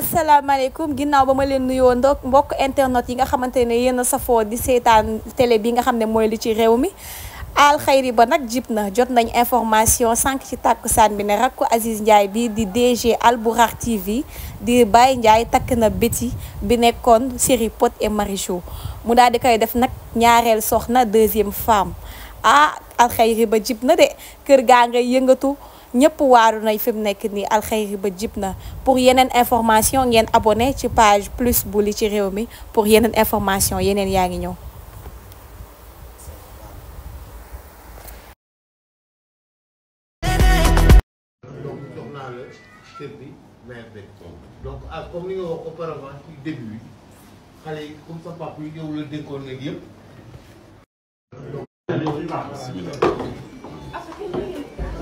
asalaamaaleykum ginnaaw ba ma leen nuyoo ndok mbokk internet yi nga xamante ne yéen a safoo di seetaan télé bi nga xam ne mooy li ci réew mi alxayri ba nag jib na jot nañu information sànq ci tàkkusaan bi ne rakku Aziz Ndiaye bi di DG Albourakh TV di bàyyi Ndiaye takk na Betty bi nekkoon série Pod et Marichou mu daal di koy def nag ñaareel soxna deuxième femme ah alxayri ba jib na de kër gaa ngay yëngatu ñépp waaru nañ fi mu nekk nii alxeyri ba jib na pour yeneen information ngeen abonné ci page plus bu ci réew mi pour yeneen information yeneen yaa ngi ñëw ah,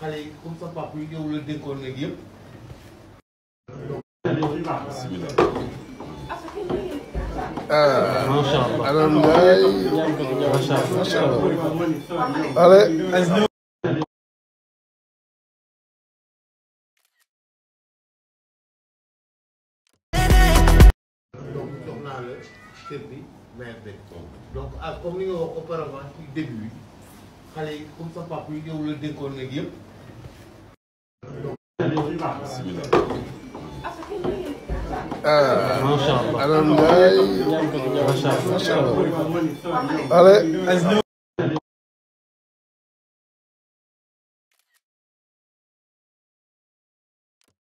xale yi comme sa papa yi yow la ah comme ni nga wax auparavant ci début bi xale yi comme sa Ah, macha allah.